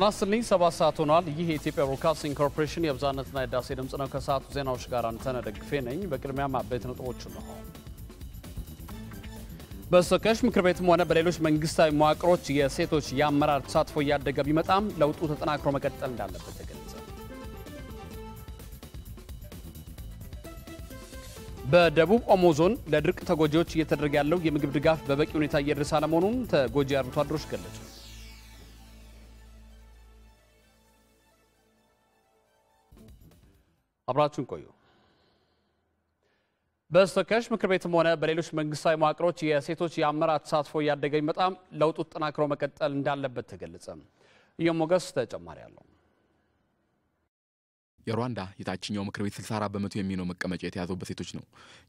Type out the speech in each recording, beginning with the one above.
ጤና ይስጥልኝ። ሰባት ሰዓት ሆኗል። ይህ የኢትዮጵያ ብሮድካስቲንግ ኮርፖሬሽን የብዛነትና የዳሴ ድምፅ ነው። ከሰዓቱ ዜናዎች ጋር አንተነህ ደግፌ ነኝ። በቅድሚያም አበይት ነጥቦቹ ነው። በተወካዮች ምክር ቤትም ሆነ በሌሎች መንግስታዊ መዋቅሮች የሴቶች የአመራር ተሳትፎ እያደገ ቢመጣም ለውጡ ተጠናክሮ መቀጠል እንዳለበት ተገለጸ። በደቡብ ኦሞ ዞን ለድርቅ ተጎጂዎች እየተደረገ ያለው የምግብ ድጋፍ በበቂ ሁኔታ እየደረሰ አለመሆኑን ተጎጂ አርብቶ አደሮች ገለጹ። አብራችሁን ቆዩ። በስተከሽ ምክር ቤትም ሆነ በሌሎች መንግስታዊ መዋቅሮች የሴቶች የአመራር ተሳትፎ እያደገ ቢመጣም ለውጡ ተጠናክሮ መቀጠል እንዳለበት ተገለጸ። እዮም ሞገስ ተጨማሪ አለው። የሩዋንዳ የታችኛው ምክር ቤት 64 በመቶ የሚሆነው መቀመጫ የተያዘው በሴቶች ነው።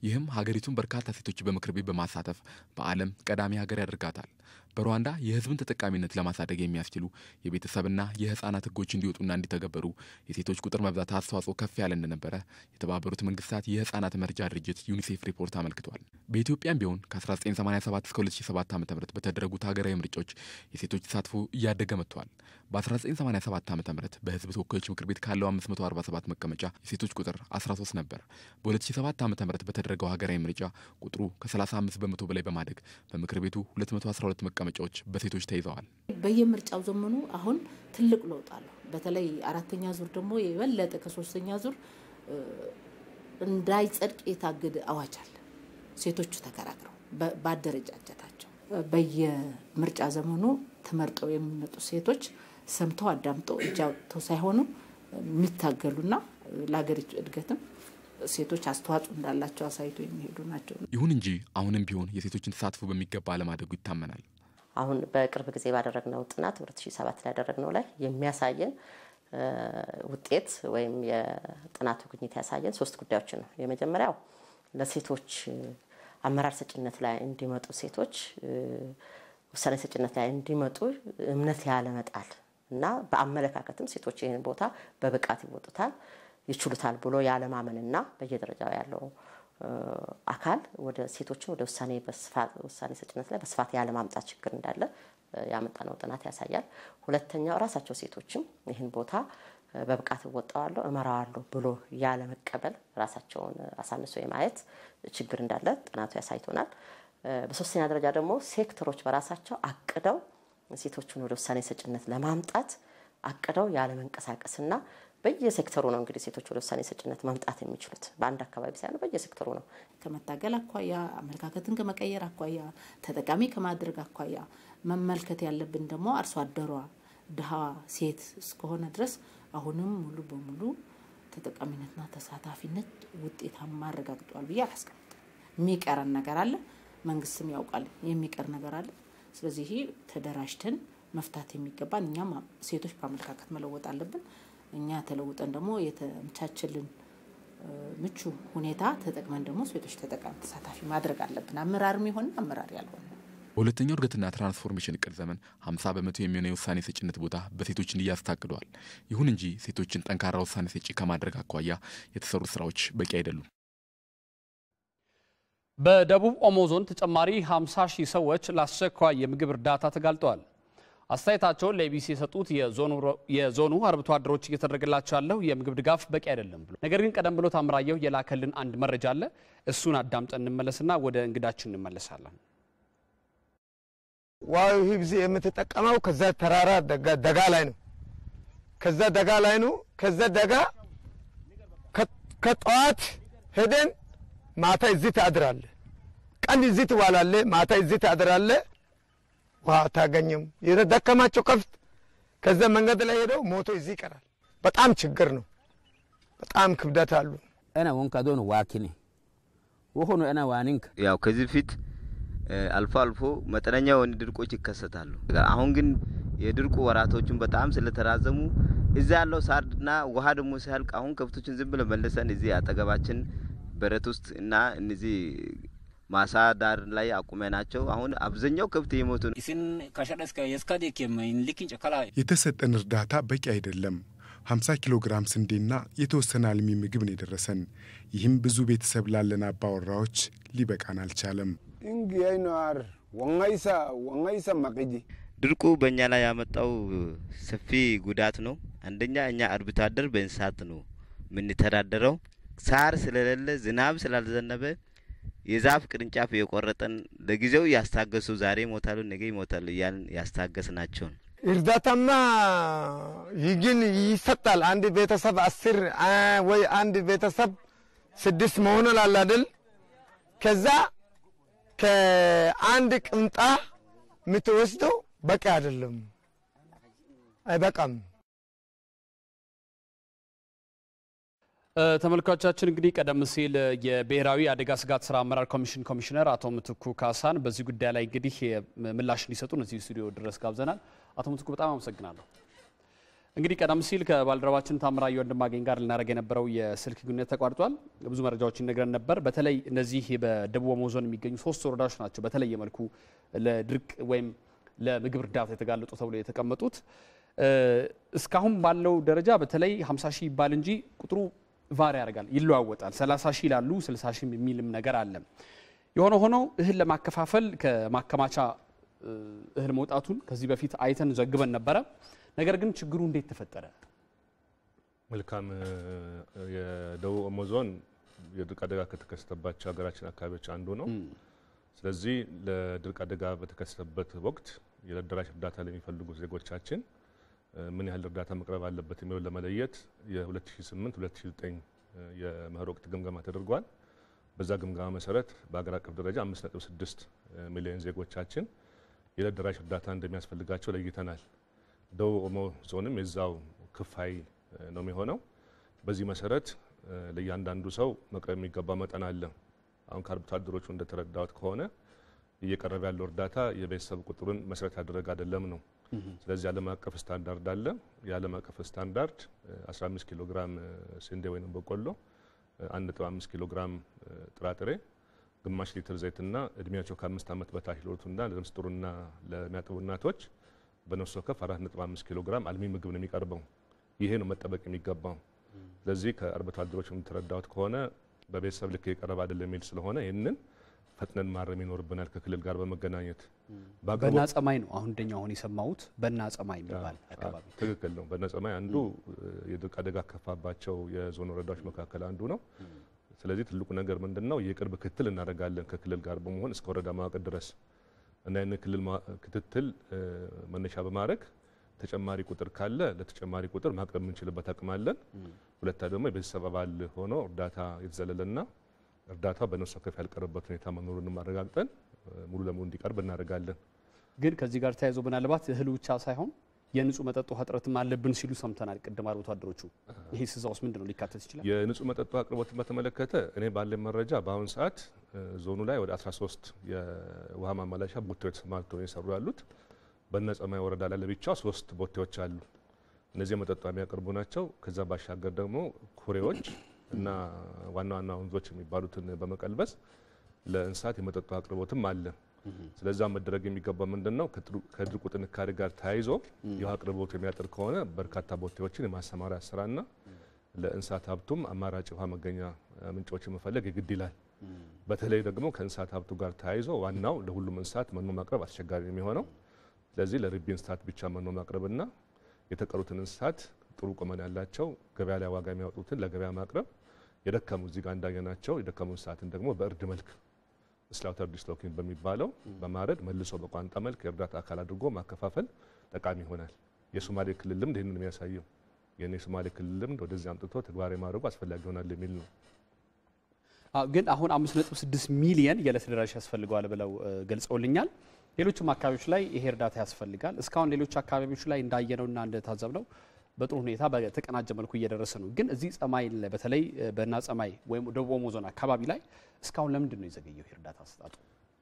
ይህም ሀገሪቱን በርካታ ሴቶች በምክር ቤት በማሳተፍ በዓለም ቀዳሚ ሀገር ያደርጋታል። በሩዋንዳ የሕዝብን ተጠቃሚነት ለማሳደግ የሚያስችሉ የቤተሰብና የህፃናት ህጎች እንዲወጡና እንዲተገበሩ የሴቶች ቁጥር መብዛት አስተዋጽኦ ከፍ ያለ እንደነበረ የተባበሩት መንግስታት የህፃናት መርጃ ድርጅት ዩኒሴፍ ሪፖርት አመልክቷል። በኢትዮጵያም ቢሆን ከ1987 እስከ 2007 ዓ ም በተደረጉት ሀገራዊ ምርጫዎች የሴቶች ተሳትፎ እያደገ መጥቷል። በ1987 ዓ ም በህዝብ ተወካዮች ምክር ቤት ካለው 547 መቀመጫ የሴቶች ቁጥር 13 ነበር። በ2007 ዓ ም በተደረገው ሀገራዊ ምርጫ ቁጥሩ ከ35 በመቶ በላይ በማደግ በምክር ቤቱ 212 መቀመጫዎች በሴቶች ተይዘዋል። በየምርጫው ዘመኑ አሁን ትልቅ ለውጥ አለው። በተለይ አራተኛ ዙር ደግሞ የበለጠ ከሶስተኛ ዙር እንዳይጸድቅ የታገደ አዋጅ አለ። ሴቶቹ ተከራክረው በአደረጃጀታቸው በየምርጫ ዘመኑ ተመርጠው የሚመጡ ሴቶች ሰምቶ አዳምጦ እጅ አውጥቶ ሳይሆኑ የሚታገሉና ለሀገሪቱ እድገትም ሴቶች አስተዋጽኦ እንዳላቸው አሳይቶ የሚሄዱ ናቸው። ይሁን እንጂ አሁንም ቢሆን የሴቶችን ተሳትፎ በሚገባ አለማደጉ ይታመናል። አሁን በቅርብ ጊዜ ባደረግነው ጥናት 2007 ላይ ያደረግነው ላይ የሚያሳየን ውጤት ወይም የጥናቱ ግኝት ያሳየን ሶስት ጉዳዮችን ነው። የመጀመሪያው ለሴቶች አመራር ሰጭነት ላይ እንዲመጡ ሴቶች ውሳኔ ሰጭነት ላይ እንዲመጡ እምነት ያለመጣል እና በአመለካከትም ሴቶች ይህን ቦታ በብቃት ይወጡታል ይችሉታል ብሎ ያለማመንና በየደረጃው ያለው አካል ወደ ሴቶችን ወደ ውሳኔ ውሳኔ ሰጭነት ላይ በስፋት ያለማምጣት ችግር እንዳለ ያመጣነው ጥናት ያሳያል። ሁለተኛው ራሳቸው ሴቶችም ይህን ቦታ በብቃት እወጣዋለሁ እመራዋለሁ ብሎ ያለመቀበል ራሳቸውን አሳንሶ የማየት ችግር እንዳለ ጥናቱ ያሳይቶናል። በሶስተኛ ደረጃ ደግሞ ሴክተሮች በራሳቸው አቅደው ሴቶችን ወደ ውሳኔ ሰጭነት ለማምጣት አቅደው ያለመንቀሳቀስና በየሴክተሩ ነው እንግዲህ ሴቶች ወደ ውሳኔ ሰጭነት ማምጣት የሚችሉት በአንድ አካባቢ ሳይሆን በየሴክተሩ ነው። ከመታገል አኳያ፣ አመለካከትን ከመቀየር አኳያ፣ ተጠቃሚ ከማድረግ አኳያ መመልከት ያለብን ደግሞ አርሶ አደሯ ድሃዋ ሴት እስከሆነ ድረስ አሁንም ሙሉ በሙሉ ተጠቃሚነትና ተሳታፊነት ውጤታማ አረጋግጠዋል ብዬ አላስቀምጥም። የሚቀረን ነገር አለ። መንግስትም ያውቃል የሚቀር ነገር አለ። ስለዚህ ይሄ ተደራጅተን መፍታት የሚገባን እኛም ሴቶች በአመለካከት መለወጥ አለብን። እኛ ተለውጠን ደግሞ የተመቻቸልን ምቹ ሁኔታ ተጠቅመን ደግሞ ሴቶች ተጠቃሚ ተሳታፊ ማድረግ አለብን። አመራርም የሆነ አመራር ያልሆነ በሁለተኛው እድገትና ትራንስፎርሜሽን እቅድ ዘመን 50 በመቶ የሚሆነ የውሳኔ ሰጭነት ቦታ በሴቶች እንዲያዝ ታቅዷል። ይሁን እንጂ ሴቶችን ጠንካራ ውሳኔ ሰጪ ከማድረግ አኳያ የተሰሩ ስራዎች በቂ አይደሉም። በደቡብ ኦሞ ዞን ተጨማሪ 50 ሺህ ሰዎች ለአስቸኳይ የምግብ እርዳታ ተጋልጠዋል። አስተያየታቸውን ለኢቢሲ የሰጡት የዞኑ አርብቶ አደሮች እየተደረገላቸው ያለው የምግብ ድጋፍ በቂ አይደለም ብሎ ነገር ግን ቀደም ብሎ ታምራየሁ የላከልን አንድ መረጃ አለ። እሱን አዳምጠን እንመለስና ወደ እንግዳችን እንመለሳለን። ዋዩ ጊዜ የምትጠቀመው ከዛ ተራራ ደጋ ላይ ነው። ከዛ ደጋ ላይ ነው። ከዛ ደጋ ከጠዋት ሄደን ማታ እዚህ ታድራለ። ቀን እዚህ ትባላለ፣ ማታ እዚህ ታድራለ። ውሃ አታገኝም። የተደከማቸው ከፍት ከዛ መንገድ ላይ ሄደው ሞቶ እዚህ ይቀራል። በጣም ችግር ነው። በጣም ክብደት አሉ። እና ወንካ ዶን ዋኪኒ ወሆኑ እና ዋኒንከ ያው ከዚህ ፊት አልፎ አልፎ መጠነኛ የሆኑ ድርቆች ይከሰታሉ። አሁን ግን የድርቁ ወራቶቹን በጣም ስለተራዘሙ እዚ ያለው ሳርና ውሃ ደግሞ ሲያልቅ አሁን ከብቶችን ዝም ብለን መለሰን እዚህ አጠገባችን በረት ውስጥ እና እነዚህ ማሳ ዳር ላይ አቁመናቸው አሁን አብዛኛው ከብት የሞቱ ነው። የተሰጠን እርዳታ በቂ አይደለም። 50 ኪሎ ግራም ስንዴና የተወሰነ አልሚ ምግብ ነው የደረሰን። ይህም ብዙ ቤተሰብ ላለን አባወራዎች ሊበቃን አልቻለም። ድርቁ በእኛ ላይ ያመጣው ሰፊ ጉዳት ነው። አንደኛ እኛ አርብቶ አደር በእንስሳት ነው የምንተዳደረው። ሳር ስለሌለ ዝናብ ስላልዘነበ የዛፍ ቅርንጫፍ የቆረጠን ለጊዜው ያስታገሱ ዛሬ ይሞታሉ ነገ ይሞታሉ እያልን ያስታገስ ናቸውን። እርዳታማ ይግን ይሰጣል። አንድ ቤተሰብ አስር ወይ አንድ ቤተሰብ ስድስት መሆን ላላደል ከዛ ከአንድ ቅምጣ የምትወስደው በቂ አይደለም፣ አይበቃም። ተመልካቾቻችን እንግዲህ ቀደም ሲል የብሔራዊ አደጋ ስጋት ስራ አመራር ኮሚሽን ኮሚሽነር አቶ ምትኩ ካሳን በዚህ ጉዳይ ላይ እንግዲህ ምላሽ እንዲሰጡ እዚህ ስቱዲዮ ድረስ ጋብዘናል። አቶ ምትኩ በጣም አመሰግናለሁ። እንግዲህ ቀደም ሲል ከባልደረባችን ታምራየ ወንድማገኝ ጋር ልናደርግ የነበረው የስልክ ግንኙነት ተቋርጧል። ብዙ መረጃዎች ይነግረን ነበር። በተለይ እነዚህ በደቡብ ኦሞ ዞን የሚገኙ ሶስት ወረዳዎች ናቸው በተለየ መልኩ ለድርቅ ወይም ለምግብ እርዳታ የተጋለጡ ተብሎ የተቀመጡት እስካሁን ባለው ደረጃ በተለይ 50 ሺህ ይባል እንጂ ቁጥሩ ቫሪ ያደርጋል፣ ይለዋወጣል። 30 ሺህ ይላሉ 60 ሺህ የሚልም ነገር አለ። የሆነ ሆኖ እህል ለማከፋፈል ከማከማቻ እህል መውጣቱን ከዚህ በፊት አይተን ዘግበን ነበረ። ነገር ግን ችግሩ እንዴት ተፈጠረ? መልካም የደቡብ ኦሞ ዞን የድርቅ አደጋ ከተከሰተባቸው ሀገራችን አካባቢዎች አንዱ ነው። ስለዚህ ለድርቅ አደጋ በተከሰተበት ወቅት የደራሽ እርዳታ ለሚፈልጉ ዜጎቻችን ምን ያህል እርዳታ መቅረብ አለበት የሚለውን ለመለየት የ2008 2009 የመኸር ወቅት ግምገማ ተደርጓል። በዛ ግምገማ መሰረት በሀገር አቀፍ ደረጃ 5.6 ሚሊዮን ዜጎቻችን የዕለት ደራሽ እርዳታ እንደሚያስፈልጋቸው ለይተናል። ደቡብ ኦሞ ዞንም የዛው ክፋይ ነው የሚሆነው። በዚህ መሰረት ለእያንዳንዱ ሰው መቅረብ የሚገባ መጠን አለ። አሁን ከአርብቶ አደሮቹ እንደተረዳሁት ከሆነ እየቀረበ ያለው እርዳታ የቤተሰብ ቁጥሩን መሰረት ያደረገ አይደለም ነው ስለዚህ ዓለም አቀፍ ስታንዳርድ አለ። የዓለም አቀፍ ስታንዳርድ 15 ኪሎ ግራም ስንዴ ወይም በቆሎ፣ 1.5 ኪሎ ግራም ጥራጥሬ፣ ግማሽ ሊትር ዘይትና እድሜያቸው ከአምስት ዓመት በታች ለሆኑትና ለሚያጠቡና ለሚያጠቡ እናቶች በነፍስ ወከፍ 4.5 ኪሎ ግራም አልሚ ምግብ ነው የሚቀርበው። ይሄ ነው መጠበቅ የሚገባው። ስለዚህ ከአርብቶ አደሮች የምትረዳሁት ከሆነ በቤተሰብ ልክ የቀረበ አይደለም የሚል ስለሆነ ይህንን ፈጥነን ማረም ይኖርብናል ከክልል ጋር በመገናኘት በና ጸማይ ነው አሁን እንደኛው አሁን የሰማሁት በና ጸማይ የሚባል አካባቢ ትክክል ነው በና ጸማይ አንዱ የድርቅ አደጋ ከፋባቸው የዞን ወረዳዎች መካከል አንዱ ነው ስለዚህ ትልቁ ነገር ምንድን ነው የቅርብ ክትትል እናደርጋለን ከክልል ጋር በመሆን እስከ ወረዳ መዋቅር ድረስ እና ያን ክልል ክትትል መነሻ በማድረግ ተጨማሪ ቁጥር ካለ ለተጨማሪ ቁጥር ማቅረብ የምንችልበት አቅም አለን ሁለታ ደግሞ የቤተሰብ አባል ሆኖ እርዳታ የተዘለለና እርዳታ በነፍስ ወከፍ ያልቀረበት ሁኔታ መኖሩንም አረጋግጠን ሙሉ ለሙሉ እንዲቀርብ እናደርጋለን። ግን ከዚህ ጋር ተያይዞ ምናልባት እህል ብቻ ሳይሆን የንጹህ መጠጥ ውሃ እጥረትም አለብን ሲሉ ሰምተናል። ቅድም አርብቶ አደሮቹ ይህ ስዛ ውስጥ ምንድን ነው ሊካተት ይችላል? የንጹህ መጠጥ ውሃ አቅርቦትን በተመለከተ እኔ ባለን መረጃ በአሁኑ ሰዓት ዞኑ ላይ ወደ 13 የውሃ ማመላለሻ ቦቴዎች ተሰማርተው የሰሩ ያሉት በነ ጸማይ ወረዳ ላይ ለብቻ ሶስት ቦቴዎች አሉ። እነዚህ መጠጥ የሚያቀርቡ ናቸው። ከዛ ባሻገር ደግሞ ኩሬዎች እና ዋና ዋና ወንዞች የሚባሉትን በመቀልበስ ለእንስሳት የመጠጡ አቅርቦትም አለ። ስለዛ መደረግ የሚገባ ምንድን ነው? ከድርቁ ጥንካሬ ጋር ተያይዞ የውሃ አቅርቦት የሚያጥር ከሆነ በርካታ ቦቴዎችን የማሰማሪያ ስራና ለእንስሳት ሀብቱም አማራጭ ውሃ መገኛ ምንጮች መፈለግ የግድ ይላል። በተለይ ደግሞ ከእንስሳት ሀብቱ ጋር ተያይዞ ዋናው ለሁሉም እንስሳት መኖ ማቅረብ አስቸጋሪ የሚሆነው ስለዚህ ለርቢ እንስሳት ብቻ መኖ ማቅረብና የተቀሩትን እንስሳት ጥሩ ቁመን ያላቸው ገበያ ላይ ዋጋ የሚያወጡትን ለገበያ ማቅረብ የደከሙ እዚህ ጋር እንዳየናቸው የደከሙ እንስሳትን ደግሞ በእርድ መልክ ስላውተር ዲስሎኪን በሚባለው በማረድ መልሶ በቋንጣ መልክ የእርዳታ አካል አድርጎ ማከፋፈል ጠቃሚ ይሆናል። የሶማሌ ክልል ልምድ ይህንን የሚያሳየው የእኔ የሶማሌ ክልል ልምድ ወደዚህ አምጥቶ ተግባራዊ ማድረጉ አስፈላጊ ይሆናል የሚል ነው። ግን አሁን 5.6 ሚሊየን የዕለት ደራሽ ያስፈልገዋል ብለው ገልጸውልኛል። ሌሎችም አካባቢዎች ላይ ይሄ እርዳታ ያስፈልጋል። እስካሁን ሌሎች አካባቢዎች ላይ እንዳየነውና እንደታዘብነው በጥሩ ሁኔታ በተቀናጀ መልኩ እየደረሰ ነው። ግን እዚህ ጸማይ በተለይ በና ጸማይ ወይም ደቡብ ኦሞ ዞን አካባቢ ላይ እስካሁን ለምንድን ነው የዘገየው የእርዳታ አሰጣጡ?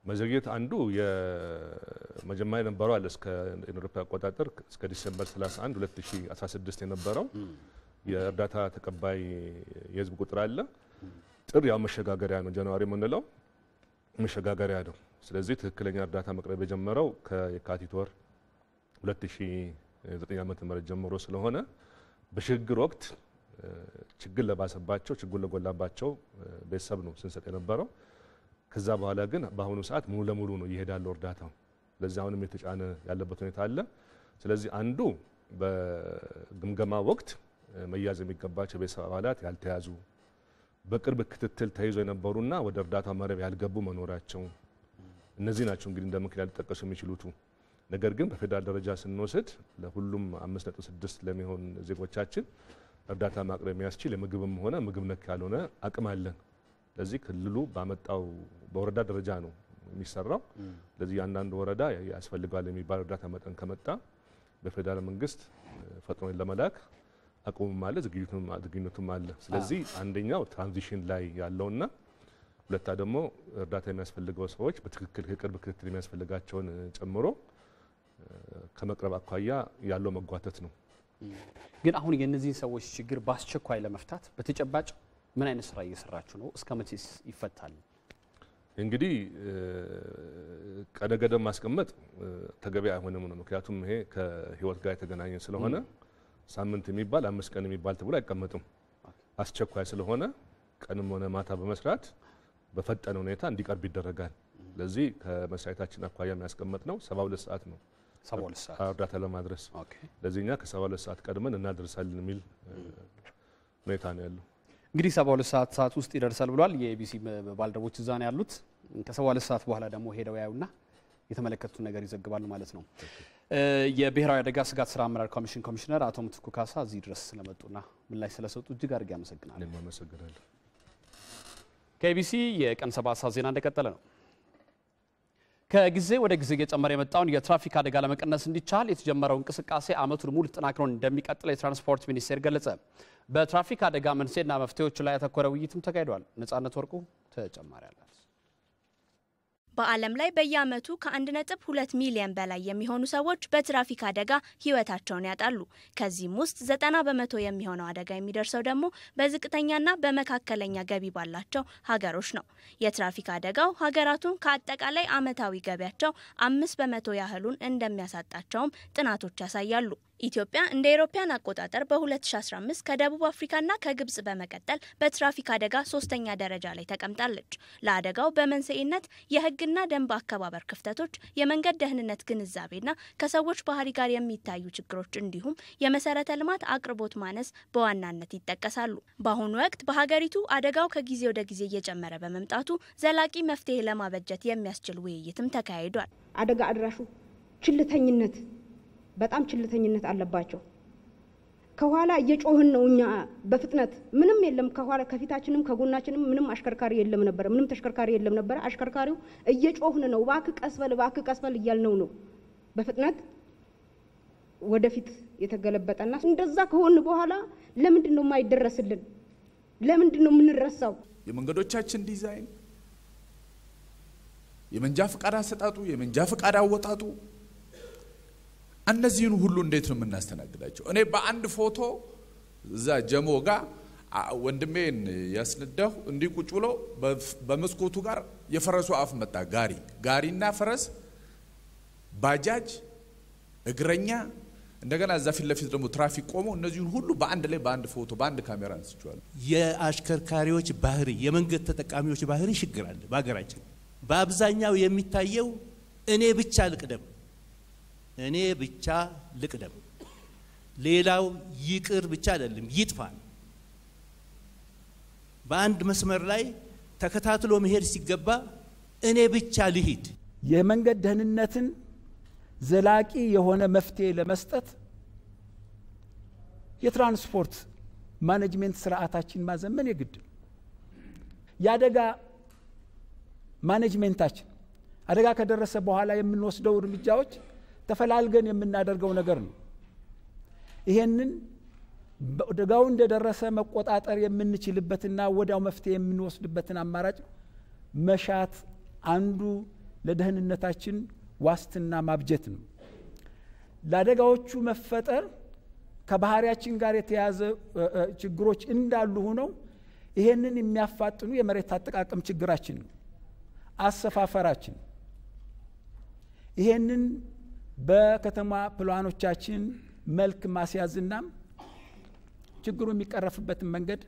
መዘግየት አንዱ የመጀመሪያ የነበረው አለ እስከ ኤሮፓ አቆጣጠር እስከ ዲሴምበር 31 2016 የነበረው የእርዳታ ተቀባይ የህዝብ ቁጥር አለ። ጥር ያው መሸጋገሪያ ነው፣ ጃንዋሪ የምንለው መሸጋገሪያ ነው። ስለዚህ ትክክለኛ እርዳታ መቅረብ የጀመረው ከየካቲት ወር ዘጠኝ ዓመተ ምህረት ጀምሮ ስለሆነ በሽግግር ወቅት ችግር ለባሰባቸው ችግር ለጎላባቸው ቤተሰብ ነው ስንሰጥ የነበረው። ከዛ በኋላ ግን በአሁኑ ሰዓት ሙሉ ለሙሉ ነው ይሄዳለው እርዳታው። ለዚህ አሁንም የተጫነ ያለበት ሁኔታ አለ። ስለዚህ አንዱ በግምገማ ወቅት መያዝ የሚገባቸው የቤተሰብ አባላት ያልተያዙ፣ በቅርብ ክትትል ተይዞ የነበሩና ወደ እርዳታ መረብ ያልገቡ መኖራቸው እነዚህ ናቸው እንግዲህ እንደ ምክንያት ሊጠቀሱ የሚችሉቱ። ነገር ግን በፌዴራል ደረጃ ስንወስድ ለሁሉም 5.6 ለሚሆን ዜጎቻችን እርዳታ ማቅረብ የሚያስችል የምግብም ሆነ ምግብ ነክ ያልሆነ አቅም አለን። ለዚህ ክልሉ ባመጣው በወረዳ ደረጃ ነው የሚሰራው። ለዚህ አንዳንድ ወረዳ ያስፈልገዋል የሚባል እርዳታ መጠን ከመጣ በፌዴራል መንግስት ፈጥኖ ለመላክ አቅሙም አለ፣ ዝግጁነቱም አለ። ስለዚህ አንደኛው ትራንዚሽን ላይ ያለውና ሁለታ ደግሞ እርዳታ የሚያስፈልገው ሰዎች በትክክል ቅርብ ክትትል የሚያስፈልጋቸውን ጨምሮ ከመቅረብ አኳያ ያለው መጓተት ነው። ግን አሁን የእነዚህን ሰዎች ችግር በአስቸኳይ ለመፍታት በተጨባጭ ምን አይነት ስራ እየሰራችሁ ነው? እስከ መቼስ ይፈታል? እንግዲህ ቀነ ገደብ ማስቀመጥ ተገቢ አይሆንም ነው። ምክንያቱም ይሄ ከህይወት ጋር የተገናኘ ስለሆነ ሳምንት የሚባል አምስት ቀን የሚባል ተብሎ አይቀመጥም። አስቸኳይ ስለሆነ ቀንም ሆነ ማታ በመስራት በፈጠነ ሁኔታ እንዲቀርብ ይደረጋል። ለዚህ ከመስሪያ ቤታችን አኳያ የሚያስቀመጥ ነው ሰባ ሁለት ሰዓት ነው። እርዳታ ለማድረስ ለዚህ እኛ ከሰባ ሁለት ሰዓት ቀድመን እናደርሳለን የሚል ሁኔታ ነው ያለው። እንግዲህ ሰባ ሁለት ሰዓት ሰዓት ውስጥ ይደርሳል ብሏል። የኤቢሲ ባልደረቦች እዛ ነው ያሉት። ከሰባ ሁለት ሰዓት በኋላ ደግሞ ሄደው ያዩና የተመለከቱትን ነገር ይዘግባሉ ማለት ነው። የብሔራዊ አደጋ ስጋት ስራ አመራር ኮሚሽን ኮሚሽነር አቶ ምትኩ ካሳ እዚህ ድረስ ስለመጡና ምላሽ ስለሰጡ እጅግ አድርጌ አመሰግናለሁ። ከኢቢሲ የቀን ሰባት ሰዓት ዜና እንደቀጠለ ነው። ከጊዜ ወደ ጊዜ እየጨመረ የመጣውን የትራፊክ አደጋ ለመቀነስ እንዲቻል የተጀመረው እንቅስቃሴ አመቱን ሙሉ ተጠናክሮ እንደሚቀጥል የትራንስፖርት ሚኒስቴር ገለጸ። በትራፊክ አደጋ መንስኤና መፍትሄዎች ላይ ያተኮረ ውይይትም ተካሂዷል። ነጻነት ወርቁ ተጨማሪ አላት። በዓለም ላይ በየዓመቱ ከ1.2 ሚሊዮን በላይ የሚሆኑ ሰዎች በትራፊክ አደጋ ህይወታቸውን ያጣሉ። ከዚህም ውስጥ 90 በመቶ የሚሆነው አደጋ የሚደርሰው ደግሞ በዝቅተኛና በመካከለኛ ገቢ ባላቸው ሀገሮች ነው። የትራፊክ አደጋው ሀገራቱን ከአጠቃላይ ዓመታዊ ገቢያቸው አምስት በመቶ ያህሉን እንደሚያሳጣቸውም ጥናቶች ያሳያሉ። ኢትዮጵያ እንደ ኤሮፓያን አቆጣጠር በ2015 ከደቡብ አፍሪካና ከግብጽ በመቀጠል በትራፊክ አደጋ ሶስተኛ ደረጃ ላይ ተቀምጣለች። ለአደጋው በመንስኤነት የህግና ደንብ አከባበር ክፍተቶች፣ የመንገድ ደህንነት ግንዛቤና ከሰዎች ባህሪ ጋር የሚታዩ ችግሮች እንዲሁም የመሰረተ ልማት አቅርቦት ማነስ በዋናነት ይጠቀሳሉ። በአሁኑ ወቅት በሀገሪቱ አደጋው ከጊዜ ወደ ጊዜ እየጨመረ በመምጣቱ ዘላቂ መፍትሄ ለማበጀት የሚያስችል ውይይትም ተካሂዷል። አደጋ አድራሹ ችልተኝነት በጣም ችልተኝነት አለባቸው። ከኋላ እየጮህን ነው እኛ በፍጥነት ምንም የለም። ከኋላ ከፊታችንም ከጎናችንም ምንም አሽከርካሪ የለም ነበረ፣ ምንም ተሽከርካሪ የለም ነበረ። አሽከርካሪው እየጮህን ነው፣ እባክህ ቀስበል፣ እባክህ ቀስበል እያልነው ነው። በፍጥነት ወደፊት የተገለበጠና እንደዛ ከሆን በኋላ ለምንድን ነው የማይደረስልን? ለምንድን ነው የምንረሳው? የመንገዶቻችን ዲዛይን፣ የመንጃ ፍቃድ አሰጣጡ፣ የመንጃ ፍቃድ አወጣጡ እነዚህን ሁሉ እንዴት ነው የምናስተናግዳቸው? እኔ በአንድ ፎቶ እዛ ጀሞ ጋር ወንድሜን ያስነዳሁ እንዲህ ቁጭ ብሎ በመስኮቱ ጋር የፈረሱ አፍ መጣ። ጋሪ ጋሪና ፈረስ፣ ባጃጅ፣ እግረኛ እንደገና እዛ ፊት ለፊት ደግሞ ትራፊክ ቆሞ እነዚህን ሁሉ በአንድ ላይ በአንድ ፎቶ በአንድ ካሜራ አንስቼዋለሁ። የአሽከርካሪዎች ባህሪ፣ የመንገድ ተጠቃሚዎች ባህሪ ችግር አለ በሀገራችን። በአብዛኛው የሚታየው እኔ ብቻ ልቅደም እኔ ብቻ ልቅደም፣ ሌላው ይቅር ብቻ አይደለም ይጥፋ። በአንድ መስመር ላይ ተከታትሎ መሄድ ሲገባ እኔ ብቻ ልሂድ። የመንገድ ደህንነትን ዘላቂ የሆነ መፍትሄ ለመስጠት የትራንስፖርት ማኔጅመንት ስርዓታችን ማዘመን የግድ የአደጋ ማኔጅመንታችን አደጋ ከደረሰ በኋላ የምንወስደው እርምጃዎች ተፈላልገን የምናደርገው ነገር ነው። ይሄንን ደጋው እንደደረሰ መቆጣጠር የምንችልበትና ወዲያው መፍትሄ የምንወስድበትን አማራጭ መሻት አንዱ ለደህንነታችን ዋስትና ማብጀት ነው። ለአደጋዎቹ መፈጠር ከባህሪያችን ጋር የተያዘ ችግሮች እንዳሉ ሆነው ይሄንን የሚያፋጥኑ የመሬት አጠቃቀም ችግራችን ነው፣ አሰፋፈራችን። ይሄንን በከተማ ፕላኖቻችን መልክ ማስያዝና ችግሩ የሚቀረፍበትን መንገድ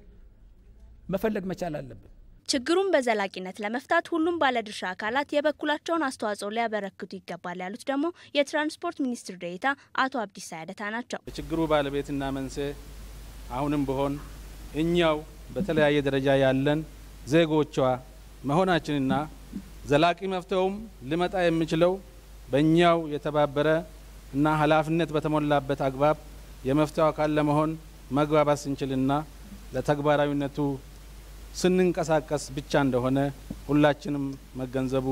መፈለግ መቻል አለብን። ችግሩን በዘላቂነት ለመፍታት ሁሉም ባለድርሻ አካላት የበኩላቸውን አስተዋጽኦ ሊያበረክቱ ይገባል ያሉት ደግሞ የትራንስፖርት ሚኒስትር ዴኤታ አቶ አብዲሳ ያደታ ናቸው። የችግሩ ባለቤትና መንስኤ አሁንም ቢሆን እኛው በተለያየ ደረጃ ያለን ዜጎቿ መሆናችንና ዘላቂ መፍትሄውም ሊመጣ የሚችለው በእኛው የተባበረ እና ኃላፊነት በተሞላበት አግባብ የመፍትሄው አካል ለመሆን መግባባት ስንችልና ለተግባራዊነቱ ስንንቀሳቀስ ብቻ እንደሆነ ሁላችንም መገንዘቡ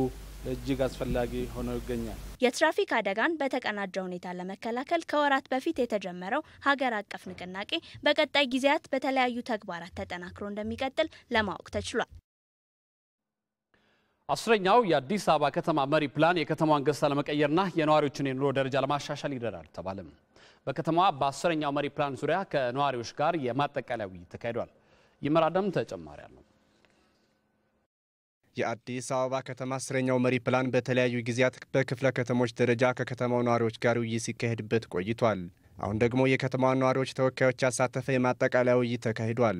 እጅግ አስፈላጊ ሆኖ ይገኛል። የትራፊክ አደጋን በተቀናጀ ሁኔታ ለመከላከል ከወራት በፊት የተጀመረው ሀገር አቀፍ ንቅናቄ በቀጣይ ጊዜያት በተለያዩ ተግባራት ተጠናክሮ እንደሚቀጥል ለማወቅ ተችሏል። አስረኛው የአዲስ አበባ ከተማ መሪ ፕላን የከተማዋን ገጽታ ለመቀየርና የነዋሪዎችን የኑሮ ደረጃ ለማሻሻል ይረዳል ተባለም። በከተማዋ በአስረኛው መሪ ፕላን ዙሪያ ከነዋሪዎች ጋር የማጠቃለያ ውይይት ተካሂዷል። ይመራደም ተጨማሪ አለው። የአዲስ አበባ ከተማ አስረኛው መሪ ፕላን በተለያዩ ጊዜያት በክፍለ ከተሞች ደረጃ ከከተማው ነዋሪዎች ጋር ውይይት ሲካሄድበት ቆይቷል። አሁን ደግሞ የከተማዋ ነዋሪዎች ተወካዮች ያሳተፈ የማጠቃለያ ውይይት ተካሂዷል።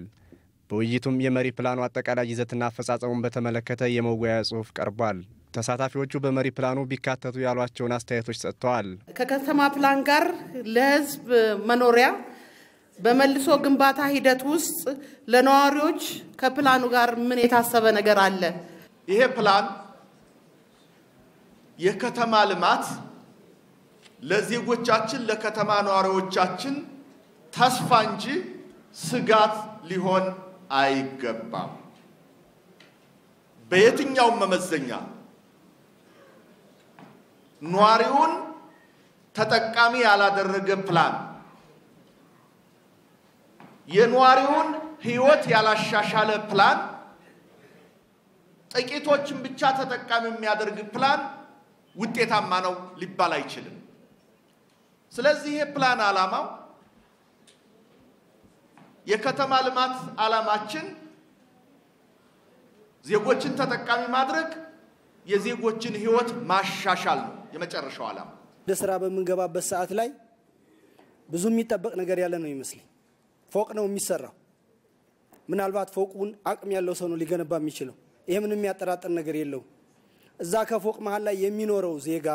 በውይይቱም የመሪ ፕላኑ አጠቃላይ ይዘትና አፈጻጸሙን በተመለከተ የመወያያ ጽሑፍ ቀርቧል። ተሳታፊዎቹ በመሪ ፕላኑ ቢካተቱ ያሏቸውን አስተያየቶች ሰጥተዋል። ከከተማ ፕላን ጋር ለህዝብ መኖሪያ በመልሶ ግንባታ ሂደት ውስጥ ለነዋሪዎች ከፕላኑ ጋር ምን የታሰበ ነገር አለ? ይሄ ፕላን የከተማ ልማት ለዜጎቻችን፣ ለከተማ ነዋሪዎቻችን ተስፋ እንጂ ስጋት ሊሆን አይገባም። በየትኛውም መመዘኛ ኗሪውን ተጠቃሚ ያላደረገ ፕላን፣ የኗሪውን ህይወት ያላሻሻለ ፕላን፣ ጥቂቶችን ብቻ ተጠቃሚ የሚያደርግ ፕላን ውጤታማ ነው ሊባል አይችልም። ስለዚህ ይሄ ፕላን ዓላማው የከተማ ልማት ዓላማችን ዜጎችን ተጠቃሚ ማድረግ፣ የዜጎችን ህይወት ማሻሻል ነው የመጨረሻው ዓላማ። ወደ ስራ በምንገባበት ሰዓት ላይ ብዙ የሚጠበቅ ነገር ያለ ነው ይመስለኝ። ፎቅ ነው የሚሰራው። ምናልባት ፎቁን አቅም ያለው ሰው ነው ሊገነባ የሚችለው። ይሄ ምንም የሚያጠራጥር ነገር የለውም። እዛ ከፎቅ መሀል ላይ የሚኖረው ዜጋ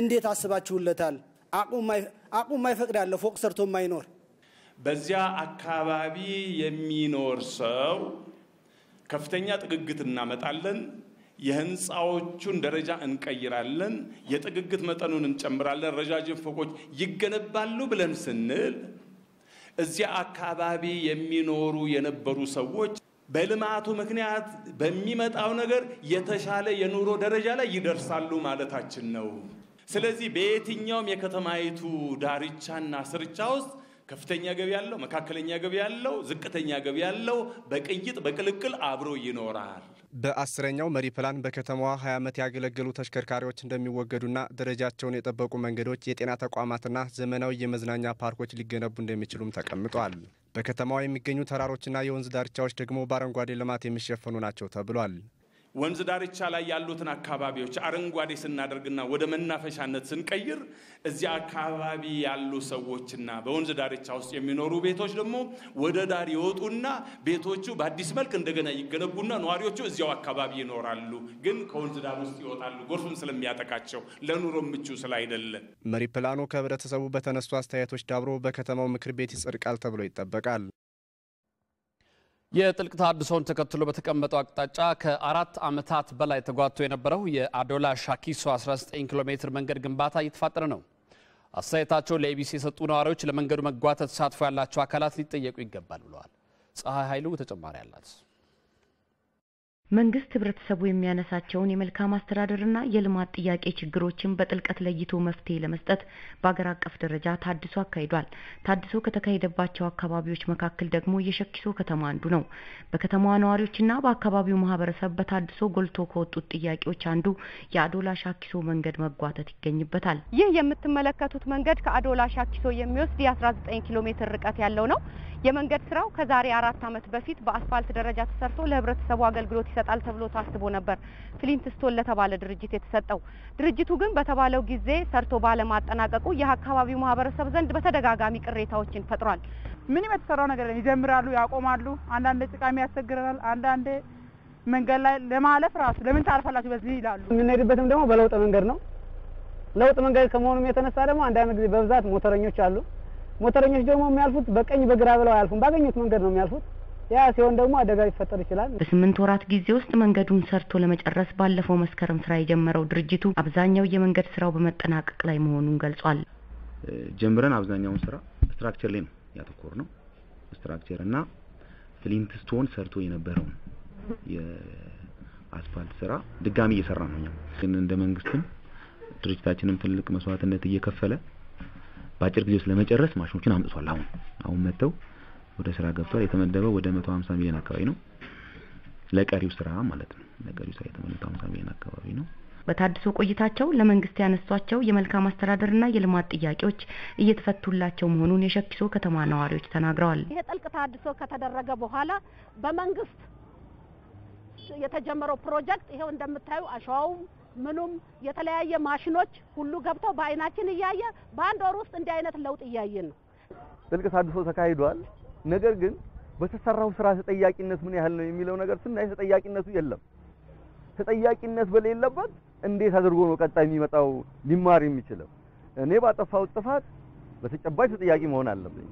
እንዴት አስባችሁለታል? አቅሙ ማይፈቅድ ያለ ፎቅ ሰርቶ ማይኖር በዚያ አካባቢ የሚኖር ሰው ከፍተኛ ጥግግት እናመጣለን። የህንፃዎቹን ደረጃ እንቀይራለን፣ የጥግግት መጠኑን እንጨምራለን፣ ረዣዥም ፎቆች ይገነባሉ ብለን ስንል እዚያ አካባቢ የሚኖሩ የነበሩ ሰዎች በልማቱ ምክንያት በሚመጣው ነገር የተሻለ የኑሮ ደረጃ ላይ ይደርሳሉ ማለታችን ነው። ስለዚህ በየትኛውም የከተማይቱ ዳርቻና ስርቻ ውስጥ ከፍተኛ ገቢ ያለው፣ መካከለኛ ገቢ ያለው፣ ዝቅተኛ ገቢ ያለው በቅይጥ በቅልቅል አብሮ ይኖራል። በአስረኛው መሪ ፕላን በከተማዋ 20 ዓመት ያገለገሉ ተሽከርካሪዎች እንደሚወገዱና ደረጃቸውን የጠበቁ መንገዶች፣ የጤና ተቋማትና ዘመናዊ የመዝናኛ ፓርኮች ሊገነቡ እንደሚችሉም ተቀምጧል። በከተማዋ የሚገኙ ተራሮችና የወንዝ ዳርቻዎች ደግሞ በአረንጓዴ ልማት የሚሸፈኑ ናቸው ተብሏል። ወንዝ ዳርቻ ላይ ያሉትን አካባቢዎች አረንጓዴ ስናደርግና ወደ መናፈሻነት ስንቀይር እዚያ አካባቢ ያሉ ሰዎችና በወንዝ ዳርቻ ውስጥ የሚኖሩ ቤቶች ደግሞ ወደ ዳር ይወጡና ቤቶቹ በአዲስ መልክ እንደገና ይገነቡና ነዋሪዎቹ እዚያው አካባቢ ይኖራሉ። ግን ከወንዝ ዳር ውስጥ ይወጣሉ፣ ጎርፍም ስለሚያጠቃቸው ለኑሮ ምቹ ስላይደለ። መሪ ፕላኑ ከህብረተሰቡ በተነሱ አስተያየቶች ዳብሮ በከተማው ምክር ቤት ይጸድቃል ተብሎ ይጠበቃል። የጥልቅ ተሃድሶውን ተከትሎ በተቀመጠው አቅጣጫ ከአራት ዓመታት በላይ ተጓቶ የነበረው የአዶላ ሻኪሶ 19 ኪሎ ሜትር መንገድ ግንባታ እየተፋጠነ ነው። አስተያየታቸው ለኤቢሲ የሰጡ ነዋሪዎች ለመንገዱ መጓተት ተሳትፎ ያላቸው አካላት ሊጠየቁ ይገባል ብለዋል። ፀሐይ ኃይሉ ተጨማሪ አላት። መንግስት ህብረተሰቡ የሚያነሳቸውን የመልካም አስተዳደርና የልማት ጥያቄ ችግሮችን በጥልቀት ለይቶ መፍትሄ ለመስጠት በአገር አቀፍ ደረጃ ታድሶ አካሂዷል። ታድሶ ከተካሄደባቸው አካባቢዎች መካከል ደግሞ የሸኪሶ ከተማ አንዱ ነው። በከተማዋ ነዋሪዎችና በአካባቢው ማህበረሰብ በታድሶ ጎልቶ ከወጡት ጥያቄዎች አንዱ የአዶላ ሻኪሶ መንገድ መጓተት ይገኝበታል። ይህ የምትመለከቱት መንገድ ከአዶላ ሻኪሶ የሚወስድ የ19 ኪሎ ሜትር ርቀት ያለው ነው። የመንገድ ስራው ከዛሬ አራት ዓመት በፊት በአስፋልት ደረጃ ተሰርቶ ለህብረተሰቡ አገልግሎት ይሰጣል ተብሎ ታስቦ ነበር ፍሊንት ስቶን ለተባለ ድርጅት የተሰጠው። ድርጅቱ ግን በተባለው ጊዜ ሰርቶ ባለማጠናቀቁ የአካባቢው ማህበረሰብ ዘንድ በተደጋጋሚ ቅሬታዎችን ፈጥሯል። ምንም የተሰራው ነገር ይጀምራሉ፣ ያቆማሉ። አንዳንድ ጭቃሚ ያስቸግረናል፣ አንዳንድ መንገድ ላይ ለማለፍ ራሱ ለምን ታልፋላችሁ በዚህ ይላሉ። የምንሄድበትም ደግሞ በለውጥ መንገድ ነው። ለውጥ መንገድ ከመሆኑም የተነሳ ደግሞ አንዳንድ ጊዜ በብዛት ሞተረኞች አሉ። ሞተረኞች ደግሞ የሚያልፉት በቀኝ በግራ ብለው አያልፉም፣ ባገኙት መንገድ ነው የሚያልፉት። ያ ሲሆን ደግሞ አደጋ ሊፈጠር ይችላል። በስምንት ወራት ጊዜ ውስጥ መንገዱን ሰርቶ ለመጨረስ ባለፈው መስከረም ስራ የጀመረው ድርጅቱ አብዛኛው የመንገድ ስራው በመጠናቀቅ ላይ መሆኑን ገልጿል። ጀምረን አብዛኛውን ስራ ስትራክቸር ላይ ነው ያተኮር ነው ስትራክቸር እና ፍሊንት ስቶን ሰርቶ የነበረውን የአስፋልት ስራ ድጋሚ እየሰራ ነው። እኛም ግን እንደ መንግስትም ድርጅታችንም ትልቅ መስዋዕትነት እየከፈለ በአጭር ጊዜ ውስጥ ለመጨረስ ማሽኖችን አምጥቷል። አሁን አሁን መጥተው ወደ ስራ ገብቷል። የተመደበው ወደ 150 ሚሊዮን አካባቢ ነው፣ ለቀሪው ስራ ማለት ነው። ለቀሪው ስራ የተመደበው 150 ሚሊዮን አካባቢ ነው። በታድሶ ቆይታቸው ለመንግስት ያነሷቸው የመልካም አስተዳደርና የልማት ጥያቄዎች እየተፈቱላቸው መሆኑን የሸኪሶ ከተማ ነዋሪዎች ተናግረዋል። ይሄ ጥልቅ ታድሶ ከተደረገ በኋላ በመንግስት የተጀመረው ፕሮጀክት ይሄው እንደምታዩ አሸዋውም ምኑም የተለያየ ማሽኖች ሁሉ ገብተው በአይናችን እያየ በአንድ ወር ውስጥ እንዲህ አይነት ለውጥ እያየን ነው። ጥልቅ አድሶ ተካሂዷል። ነገር ግን በተሰራው ስራ ተጠያቂነት ምን ያህል ነው የሚለው ነገር ስናይ ተጠያቂነቱ የለም። ተጠያቂነት በሌለበት እንዴት አድርጎ ነው ቀጣይ የሚመጣው ሊማር የሚችለው? እኔ ባጠፋው ጥፋት በተጨባጭ ተጠያቂ መሆን አለብኝ።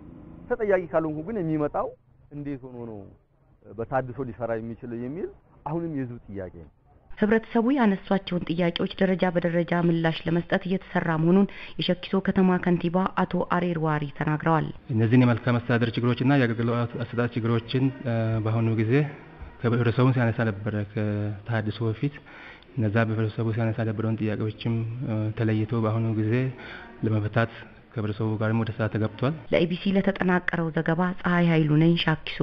ተጠያቂ ካልሆንኩ ግን የሚመጣው እንዴት ሆኖ ነው በታድሶ ሊሰራ የሚችለው የሚል አሁንም የህዝብ ጥያቄ ነው። ህብረተሰቡ ያነሷቸውን ጥያቄዎች ደረጃ በደረጃ ምላሽ ለመስጠት እየተሰራ መሆኑን የሸኪሶ ከተማ ከንቲባ አቶ አሬር ዋሪ ተናግረዋል። እነዚህን የመልካም አስተዳደር ችግሮችና የአገልግሎት አሰጣጥ ችግሮችን በአሁኑ ጊዜ ህብረተሰቡን ሲያነሳ ነበረ ከተሀድሶ በፊት እነዛ በህብረተሰቡ ሲያነሳ ነበረውን ጥያቄዎችም ተለይቶ በአሁኑ ጊዜ ለመፈታት ከህብረተሰቡ ጋርም ወደ ስራ ተገብቷል። ለኢቢሲ ለተጠናቀረው ዘገባ ፀሐይ ኃይሉ ነኝ ሻኪሶ